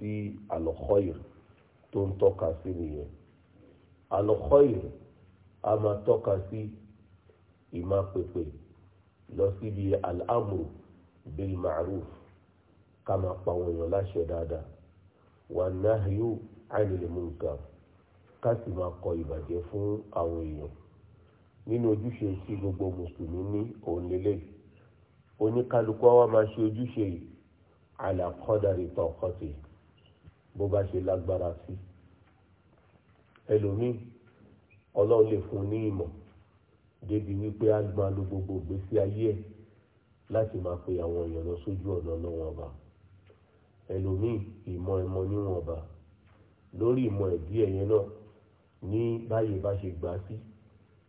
tí alọ́kọ́yìr tó ń tọ́ka sí nìyẹn alọ́kọ́yìr a máa tọ́ka sí ìmá pèpè lọ síbi al-amru bil ma'ruf ká máa pa àwọn èèyàn láṣẹ dáadáa wà nahyu anil munkar ká sì máa kọ ìbàjẹ́ fún àwọn èèyàn nínú ojúṣe tí gbogbo mùsùlùmí ní òun oníkálukú wa máa ṣe ojúṣe yìí ala qadari taqati yìí bó bá ṣe lágbára sí ẹlòmíì ọlọ́run lè fún ní ìmọ̀ débi wípé á máa lo gbogbo ìgbésí ayé ẹ̀ láti máa pe àwọn èèyàn lọ sójú ọ̀nà lọ́wọ́n ọba ẹlòmíì ìmọ̀ ẹ̀mọ níwọ̀n ọba lórí ìmọ̀ ẹ̀dí ẹ̀yẹn náà ní báyìí bá ṣe gbà sí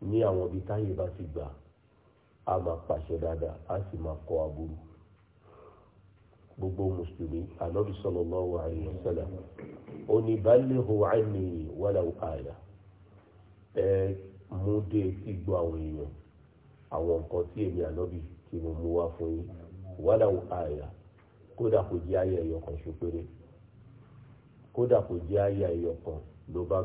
ní àwọn ibi táyé bá ti gbà á máa pàṣẹ dáadáa á sì máa kọ aburú gbogbo mùsùlùmí ànábì sallallahu alaihi wasallam ó ní ballighu anni walau aya ẹ mú dé tí gbọ́ àwọn èèyàn àwọn nǹkan tí èmi ànábì tí mo mú wá fún yín walau aya kódà kò jẹ́ kan ṣopere kódà kò jẹ́ kan ló bá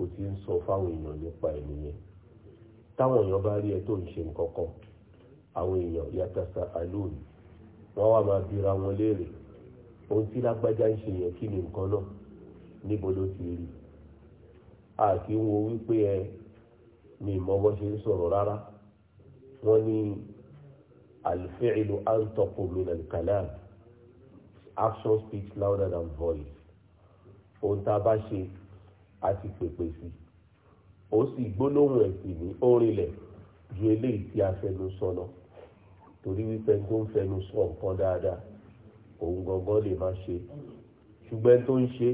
o ti ń sọ fáwọn èèyàn nípa táwọn èèyàn bá rí ẹ tó ń ṣe nǹkan kan àwọn èèyàn yàtàṣà àlóòrì wọ́n wá máa bira wọn léèrè ohun tí lágbájá ń ṣe yẹn kí ni nǹkan náà níbo ló ti rí a kì í wo wípé ẹ mi mọ̀ bó ṣe ń sọ̀rọ̀ rárá wọ́n ní al-fi'lu antaqu min al-kalam action speech louder than voice ohun tá a bá ṣe a ti pèpè sí i. ó sì gbólóhùn ẹ̀sìn ní orinlẹ̀ ju eléyìí tí a fẹnu sọ lọ torí wípé tó ń fẹnu sọ nǹkan dáadáa òun gangan lè má ṣe ṣùgbọ́n tó ń ṣe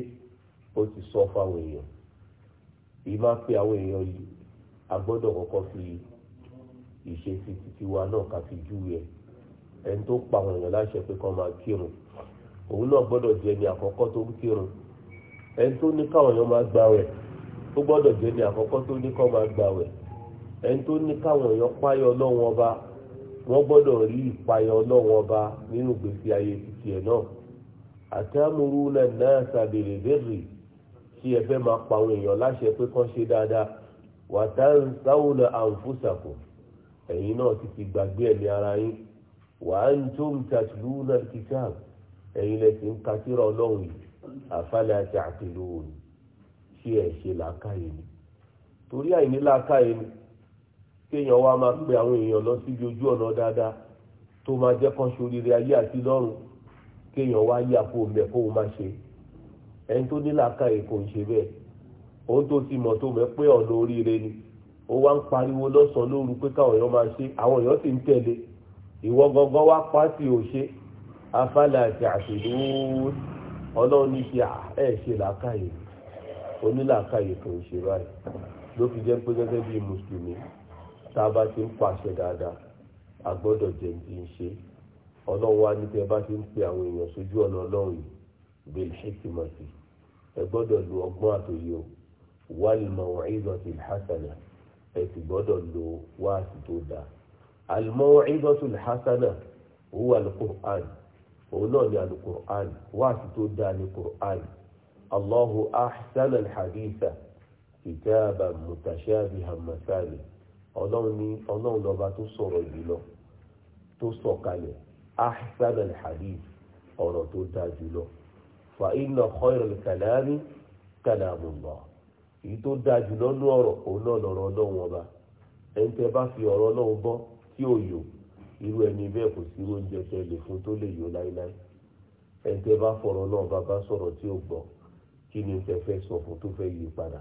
ó ti sọ fáwọn èèyàn èyí má pe àwọn èèyàn yìí a gbọ́dọ̀ kọ́kọ́ fi ìṣesí títí wa náà ká fi júwe ẹni tó pa àwọn èèyàn láṣẹ pé kán máa kírun òun náà gbọ́dọ̀ jẹ́ ni àkọ́kọ́ tó ń kírun ẹni tó ní káwọn èèyàn máa gbààwẹ̀ ó gbọ́dọ̀ jẹ́ ní àkọ́kọ́ tó ní kọ́ máa gbàwẹ̀ ẹni tó ní káwọn èèyàn páyọ ọlọ́run ọba wọ́n nínú gbèsè ayé títí ẹ̀ náà àtàmúrú náà náà sàbèrè bẹ́ẹ̀rì tí ẹ fẹ́ máa pa àwọn èèyàn láṣẹ pé kán ṣe dáadáa náà ti gbàgbé ẹ̀mí ara yín ń ṣé ẹ̀ ṣe làákàyè ni torí àìní làákàyè ni kéèyàn wá máa pe àwọn èèyàn lọ síbi ojú ọ̀nà dáadáa tó máa jẹ́ kán ayé àti lọ́run kéèyàn wá yà kó mẹ́ kó má ṣe ẹni tó ní làákàyè kò ń ṣe bẹ́ẹ̀ òun tó ti mọ̀ tó mẹ́ pé ọ̀nà oríire ni ó wá ń pariwo lọ́sàn-án lóru pé káwọn èèyàn máa ṣe àwọn èèyàn sì ń tẹ̀lé ìwọ gangan wá òṣè àti ṣe ẹ̀ ṣe làákàyè onílàákàyè kò ń ṣe báyìí ló fi jẹ́ pé gẹ́gẹ́ bí mùsùlùmí tá a bá ti ń pàṣẹ dáadáa a gbọ́dọ̀ jẹ́ ti ń ṣe ọlọ́run wá ní tẹ́ bá ti ń pe àwọn èèyàn sójú ọ̀nà ọlọ́run yìí bẹ́ẹ̀ ṣe ti mọ̀ sí ẹ gbọ́dọ̀ lo ọgbọ́n àtòyè o wal maw'izatil hasana ẹ sì gbọ́dọ̀ lo wáàsì tó dáa al maw'izatul hasana huwa al-Qur'an òun náà ni al-Qur'an wáàsì tó dáa ni Qur'an. الله أحسن الحديث كتابا متشابها مثاني ọlọ́run ní ọlọ́run lọ́ba tó sọ̀rọ̀ jùlọ tó sọ̀kalẹ̀ ahsan alhadith ọ̀rọ̀ tó dáa jùlọ fa inna khayral kalami kalamullah èyí tó dáa jùlọ ní ọ̀rọ̀ òun lọ́rọ̀ ọlọ́run ọba ẹ̀ńtẹ́ bá fi ọ̀rọ̀ ọlọ́run bọ́ tí ò yò irú ẹni bẹ́ẹ̀ kò sí oúnjẹ fún tó lè yò ẹ̀ńtẹ́ bá fọ̀rọ̀ náà bá bá sọ̀rọ̀ tí gbọ́ kí ni tẹ fẹ́ sọ fún tó fẹ́ yí padà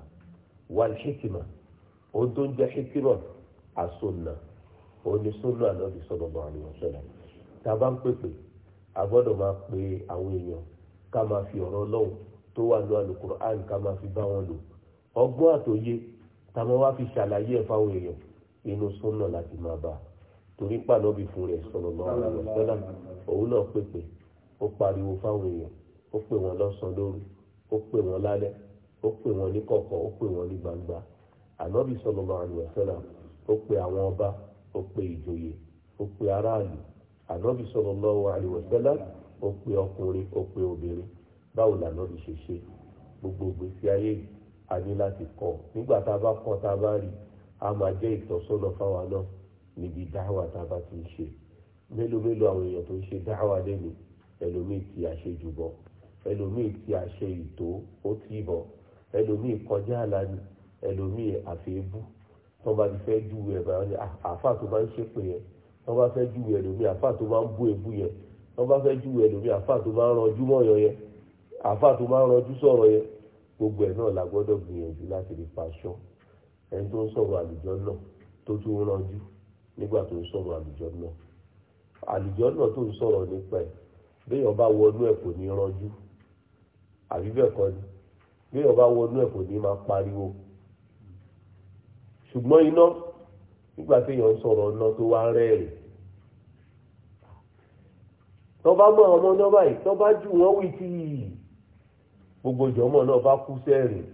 wal hikima ó tó ń jẹ́ hikima àsunna onísùnà ànábì sallallahu alaihi wasallam tá a bá ń pèpè a gbọ́dọ̀ máa pe àwọn èèyàn ká máa fi ọ̀rọ̀ Ọlọ́run tó wà ní Al-Qur'an ká máa fi bá wọn lò ọgbọ́n àtòyé tá wá fi ṣàlàyé ẹ̀ fáwọn èèyàn inú súnà láti máa bá torí pànọ́bì fún rẹ̀ sallallahu alaihi wasallam òun náà pèpè ó pariwo fáwọn èèyàn ó pè wọ́n lọ́sàn-án ó pè wọ́n lálẹ́ ó pè wọn ní kọkọ ó pè wọn ní gbangba ànábì sallallahu alaihi o ó pe àwọn ọba ó pe ìjòyè ó pe aráàlú ànábì sallallahu alaihi wasallam ó pe ọkùnrin ó pe obìnrin báwo lànábì ṣe ṣe gbogbo ìgbésí ayé a ní láti nígbà tá a bá tá a bá rí a máa ìtọ́sọ́nà fáwa náà níbi dáhùn ti ń ṣe mélòó ni ẹlòmíì ti àṣejù ẹlòmíì ti àṣẹ ìtò ó ti bọ̀ ẹlòmíì kọjá àlàní ẹlòmíì àfẹ́bù tó bá ti fẹ́ ju ẹ̀ bá àfà tó bá ń ṣépè yẹn tó bá fẹ́ ju ẹlòmíì àfà tó bá ń bú èbú yẹn tó bá fẹ́ ju ẹlòmíì àfà tó bá ń rọjú mọ́yọ yẹn àfà tó bá ń rọjú sọ̀rọ̀ yẹn gbogbo ẹ̀ náà la gbọ́dọ̀ gbìyànjú láti rí paṣọ ẹni tó ń sọ̀rọ̀ àlùjọ náà tó tún ń rọjú nígbà tó ń sọ̀rọ̀ àlùjọ náà àlùjọ náà tó ń sọ̀rọ̀ nípa ẹ̀ béèyàn bá wọnú ẹ̀ kò ní rọjú àbí bẹ́ẹ̀ kọ́ ni bí ọba wọnú ẹ̀ kò ní máa pariwo ṣùgbọ́n iná nígbà tí èèyàn sọ̀rọ̀ iná tó wá rẹ́ẹ̀rìn tọ́ba mọ ọmọ náà báyìí tọ́ba jù wọ́n wí tí gbogbo ìjọmọ náà bá kú sẹ́rìn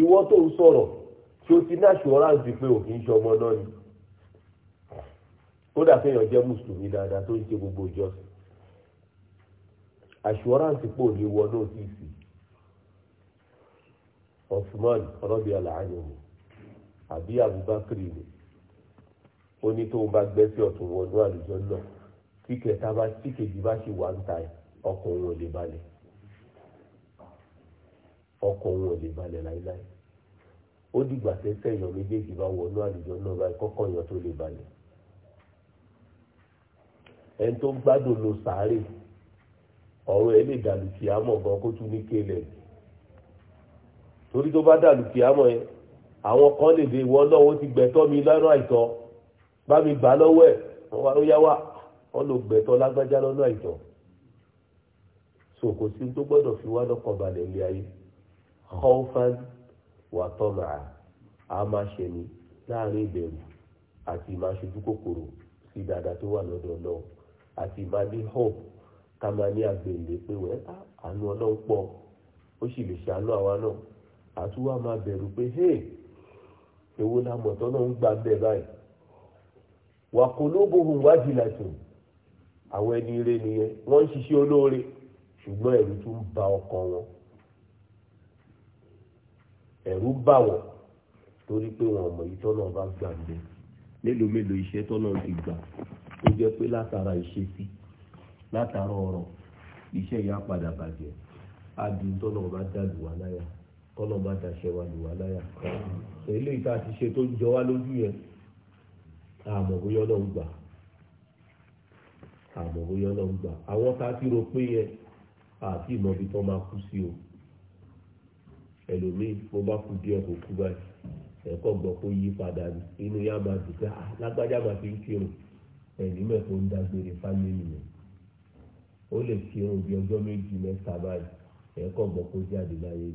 ìwọ tó ń sọ̀rọ̀ tí ó ti ní àṣùwọ́ráǹsì pé òfin ṣọmọ náà ni kódà kéèyàn jẹ́ mùsùlùmí dáadáa tó ń ṣe gbogbo ìjọsìn assurance pò ní wọ nọ́ọ̀tìsì Osman rọ́bì aláàánú àbí Abubakar ni ó ní tó ń bá gbẹ́sẹ̀ ọ̀tún wọnú àlùjọ náà tí kẹta bá tí kejì bá ṣì wà ń ta ọkàn òun ò lè balẹ̀ ọkàn òun ò lè balẹ̀ láíláí ó dìgbà tẹ́tẹ́ èèyàn méjèèjì bá wọnú àlùjọ náà báyìí kọ́kọ́ èèyàn tó lè balẹ̀ ẹni tó gbádùn lo sàárè ọ̀rọ̀ ẹ lè dàlù kìámọ̀ gan kó tún ní kélẹ̀ torí tó bá dàlù kìámọ̀ yẹn àwọn kan lè dé ìwọ náà wọ́n ti gbẹ̀tọ́ mi lọ́nà àìtọ́ bá mi gbà lọ́wọ́ ẹ̀ wọ́n wá ló yá wà wọ́n lò gbẹ̀tọ́ lágbájá lọ́nà àìtọ́ so kò tó gbọ́dọ̀ fi wá lọ́kàn balẹ̀ ilé ayé kọ́ńfán wà tọ́mà á máa ṣe ni láàrin ìbẹ̀rù àti ìmáṣojú kòkòrò sí dáadáa tó wà lọ́dọ̀ àti ìmáa ní hope ká máa ní àgbèlè pé wẹ́ àánú ọlọ́run pọ̀ ó sì lè ṣàánú àwa náà àtúwà máa bẹ̀rù pé hey èwo la mọ̀ tọ́ náà ń gbà bẹ́ẹ̀ báyìí wà kó lóbohùn wájú làtún àwọn ẹni ire nìyẹn wọ́n ń ṣiṣẹ́ olóore ṣùgbọ́n ẹ̀rù tún ba ọkàn wọn ẹ̀rù bà wọ́n torí pé wọn ọmọ yìí tọ́nà bá gbà ń mélòó mélòó iṣẹ́ tọ́nà ti gbà ó jẹ́ pé látara ìṣesí. látara ọ̀rọ̀ iṣẹ́ yà padà bàjẹ́ adùn tọ́lọ̀ bá dá lùwà láyà tọ́lọ̀ bá dàṣẹ wa lùwà láyà sọ a ti ṣe tó jọ wá lójú yẹn àmọ́ bóyá ọlọ́run gbà bóyá ọlọ́run gbà àwọn tá a ti rò pé yẹn àti ìmọ̀bi o ẹlòmíì mo bá kú díẹ̀ kó kú báyìí ẹ̀kọ́ gbọ́ yí padà ní inú yá máa dùn ah, lágbájá fi ń kírun ń dágbére ó lè fi obi ọjọ́ méjì mẹ́ta báyìí ẹ̀kọ́ gbọ́ kó jáde láyé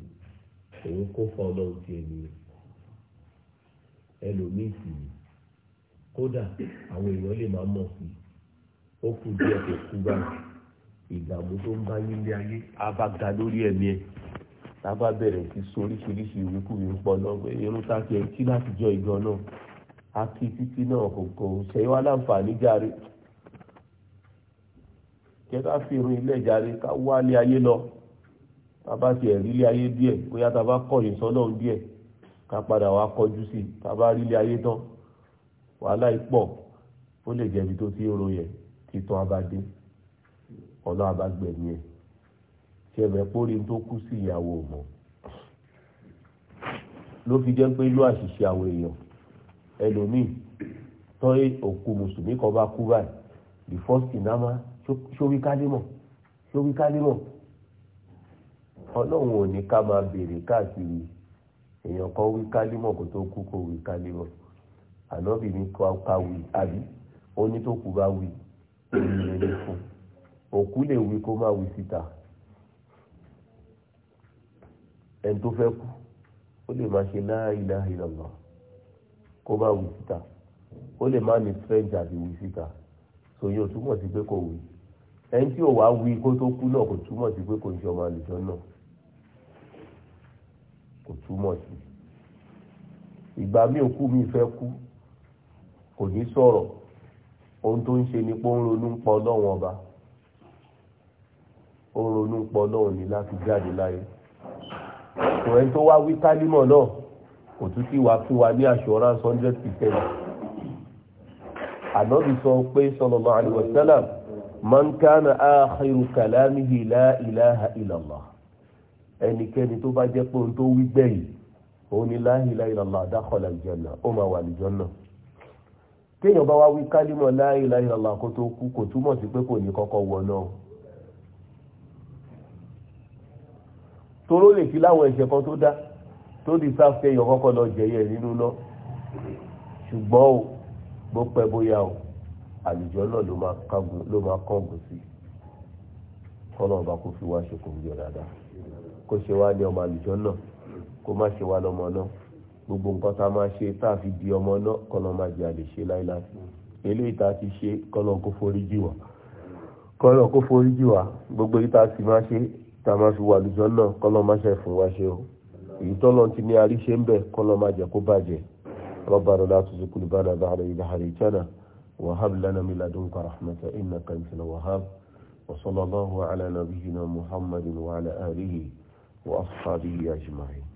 òun kó fa ọlọ́run ti ènìyàn ẹlòmíì sì ni kódà àwọn èèyàn lè máa mọ̀ sí ó kù díẹ̀ kó kú báyìí ìdààmú tó ń bá ga lórí ẹ̀mí ẹ̀ tá bẹ̀rẹ̀ sí so oríṣiríṣi ìwékúwé ń pọ̀ náà irun ti ẹ̀ kí láti jọ náà a títí kẹta fi irun ilé ìjàre ká wá lé ayé lọ tábà ti ẹ̀rí lé ayé díẹ̀ bóyá tábà kọ̀yìn sọ́nà díẹ̀ ká padà wá kọjú sí i tábà rí lé ayé tán wàhálà ìpọ̀ ó lè jẹ̀bi tó ti ń ro yẹn títàn abadé ọ̀nà àbágbẹ̀mí ẹ̀ ṣẹ̀mẹ̀ pórí tó kú sí ìyàwó mọ́ ló fi jẹ́ pé ló àṣìṣe àwọn èèyàn ẹlòmíì tọ́ òkú mùsùlùmí kan bá kú báyìí the first ìnáma ṣówí kálímọ̀ ṣówí kálímọ̀ ọlọ́run ò ní ká máa béèrè káàkiri èèyàn kan wí kálímọ̀ kó tó kú kó wí kálímọ̀ ànábì ní ká wí àbí ó ní tó kú bá wí èyí lè fún òkú lè wí kó má wí síta ẹni tó fẹ́ kú ó lè má ṣe la ilaha illallah kó má wí síta ó lè má ní strength àti wí síta sòye ò túmọ̀ sí pé kò wí ẹni tí ò wá wí kó tó kú náà kò túmọ̀ sí pé kò ń ṣe ọmọ àlùjọ náà kò túmọ̀ sí ìgbà mi ò kú mi fẹ́ kú kò ní sọ̀rọ̀ ohun tó ń ṣe ni pé ó ń ronú ń pa ọlọ́run ọba ó ń ronú ń pa ọlọ́run ní láti jáde láyé ìwọ̀n tó wá wí kálímọ̀ náà kò tún sí wa fún wa ní assurance hundred percent ànábì sọ pé sallallahu alaihi wasallam man kana akhiru kalamihi la ilaha illallah ẹnikẹ́ni tó bá jẹ́ pé ohun tó wí gbẹ̀yìn òun ni la ilaha illallah dakhala aljanna ó máa wà aljanna téèyàn bá wá wí kálímọ̀ la ilaha illallah kó tó kú kò túmọ̀ sí pé kò ní kọ́kọ́ wọ náà toró lè fi láwọn ẹ̀ṣẹ̀ kan tó dá tó di sáfẹ́ yọ bó pẹ́ bóyá o àlùjọ náà ló máa kángun ló máa kángun sí kọ́nà ọba kó fi wá ṣokùn jọ dáadáa kó ṣe wá ní ọmọ àlùjọ náà kó má ṣe wá lọ́mọ náà gbogbo nǹkan tá a máa ṣe tá a fi di ọmọ náà kọ́nà má jẹ́ àlè ṣe láíláí eléyìí tá a ti ṣe kọ́nà kó forí jì wá kọ́nà kó forí jì wá gbogbo yìí tá a sì máa ṣe tá a máa fi wà àlùjọ náà kọ́nà má ṣe fún wa ṣe o èyí tọ́lọ́ ti ní aríṣe ń bẹ̀ kọ́nà má jẹ́ kó bàjẹ́ ربنا لا تزغ قلوبنا بعد إذ هديتنا وهب لنا من لدنك رحمة إنك أنت الوهاب وصلى الله على نبينا محمد وعلى آله وأصحابه أجمعين